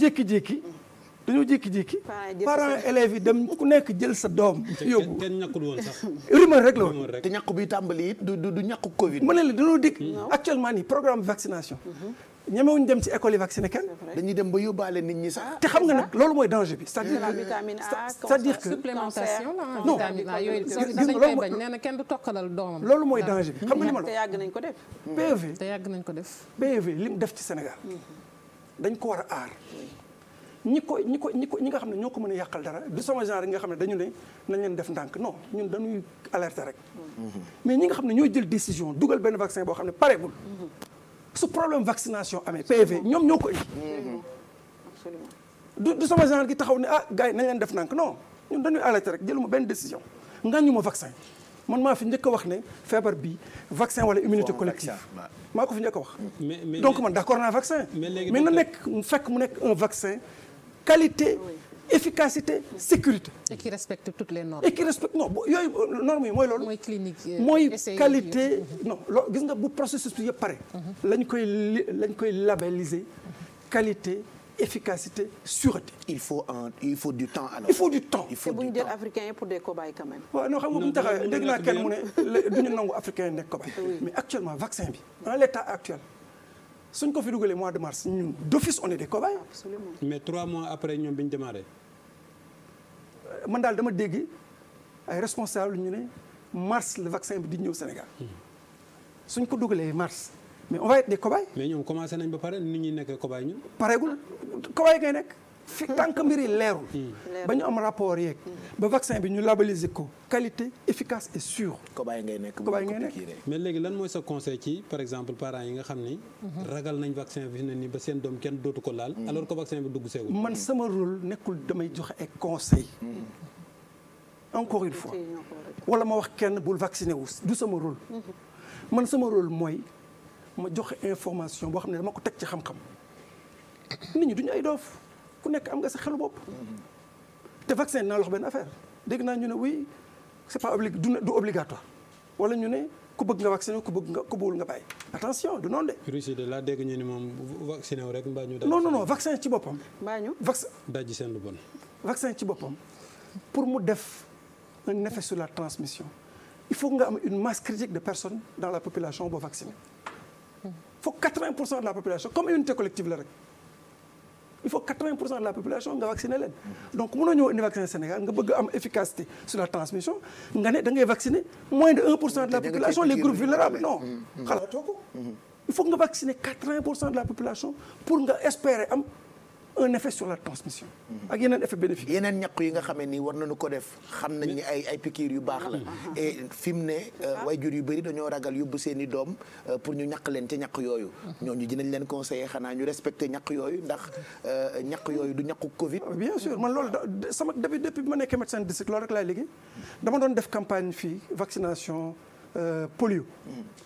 jékki-jékki dañoo jékki-jékki parents élèves yi dem ku nekk jël sa doom yóbbu te ñàkkul woon sax rumeur rek la woon te ñàkk bi tàmbali it du du ñàkku covid ma ne la dañoo dégg mm. actuellement nii programme vaccination mm-hmm. ñemewuñu dem ci école yi vacciné kenn dañuy dem ba yóbbaale nit ñi sax te xam nga nag loolu mooy danger bi cest que supplémentation non nee na kenn du tokkalal doomam loolu mooy danger bi xam nga li ma te yàgg nañ ko def PEV nañ ko def e li mu def ci Sénégal mm-hmm. dañ ko war a aar ñi ko ñi ko ñi ko ñi nga xam ne ñoo ko mën a yàqal dara du sama genre yi nga xam ne dañu ne nañ leen def ndànk non ñun dañuy alerter rek mm-hmm. mais ñi nga xam ne ñooy jël décision dugal benn vaccin boo xam ne pareegul mm-hmm. su problème vaccination amee ñoom ñoo ko indi mm-hmm. du du sama genre gi taxaw ne ah gars yi nañ leen def ndànk non ñun dañuy alerter rek jëluma benn décision ñu ma vaccin man maa fi njëkk wax ne feebar bi vaccin wala immunité collective maa ko fi njëkk a wax donc man d'accord naa vaccin mais na nekk fekk mu nekk un vaccin qualité efficacité sécurité. et qui respecte toutes les normes. et qui respecte non yooyu euh, normes yi mooy lool mooy clinique euh, mooy qualité non gis nga bu processus bi yëpp pare. Mhm. lañ koy lañ koy labelliser qualité. efficacité sûreté. il faut un il faut du temps alors. il faut du temps il faut du temps te bu ñu jël africain yi pour des cobayes quand même. waaw non xam nga bu ñu taxawee dégg naa kenn mu ne du ñu nangu africain yi nekk cobaye. mais actuellement vaccin bi dans l'état actuel. suñ ko fi dugalee mois de mars ñun d'office on est des cobayes. absolument mais trois mois après ñoom bi ñu démarré. Euh, man daal dama dégg ay responsable ñu ne mars le vaccin bi di ñëw Sénégal. Hmm. suñ ko dugalee mars. mais on va être mais ñoom commencé nañ ba pare nit ñi nekk cobaye ñun. pareegul cobaye ngay nekk. fi tant que mbir yi hmm. leerul. ba ñu am rapport yeeg. ba vaccin bi ñu labelliser ko qualité efficace et sûr. cobaye ngay nekk cobaye ngay nekk. mais léegi lan mooy sa conseil ci par exemple parents yi nga xam ni. Mhm. ragal nañ vaccin bi fi ne nii ba seen doom kenn dootu ko laal. Hmm. alors que vaccin bi dugg seegul. man sama rôle nekkul damay jox ay conseils. Hmm. encore une wala ma wax kenn bul vacciné wu du sama rôle. Mhm. man sama rôle mooy. ma joxe information boo xam ne dama ko teg ci xam-xam nit ñi duñu ay doof ku nekk am nga sa xelu bopp te vaccin dinaa loxo benn affaire dégg naa ñu ne oui c'est pas obli du obligatoire wala ñu ne ku bëgg nga vacciné ku bëgg nga ku bëggul nga bàyyi attention du noon de. Russie de laa dégg ñu ni moom vacciné wu rek mbaa ñu. non non non vaccin ci boppam. mbaa ñu vaccin daj seen lu bon. vaccin ci boppam pour mu def un effet sur la transmission il faut nga am une masse critique de personne dans la population boo vacciné. faut 80 pour cent de la population comme immunité collective la rek il faut 80 pour cent de la population nga vacciner leen. donc mënoo ñëw indi vaccin Sénégal nga bëgg am efficacité sur la transmission nga ne da ngay moins de pour cent de la population les groupes vulnérables non. Mm, mm, mm. xalaatoo ko il faut nga vacciner de la population pour nga espérer am. un effet sur la transmission. ak yeneen effet bénéfique. yeneen ñàkk yi nga xam ne nii na nañu ko def xam nañ ni ay ay piqûres yu baax la ah. et fi mu ne euh, ah. jur yu bëri dañoo ragal yóbbu seen i doom euh, pour ñu ñàkk leen ca ñaq yooyu. ñooñu dinañ leen conseiller xanaa ñu respecter ñaq yooyu ndax euh, ñaq yooyu du ñàkku Covid. Ah, bien sûr man loolu da sama depuis depuis bi ma nekkee médecin de district loolu rek laay liggéey dama doon def campagne fii vaccination polio. Hmm.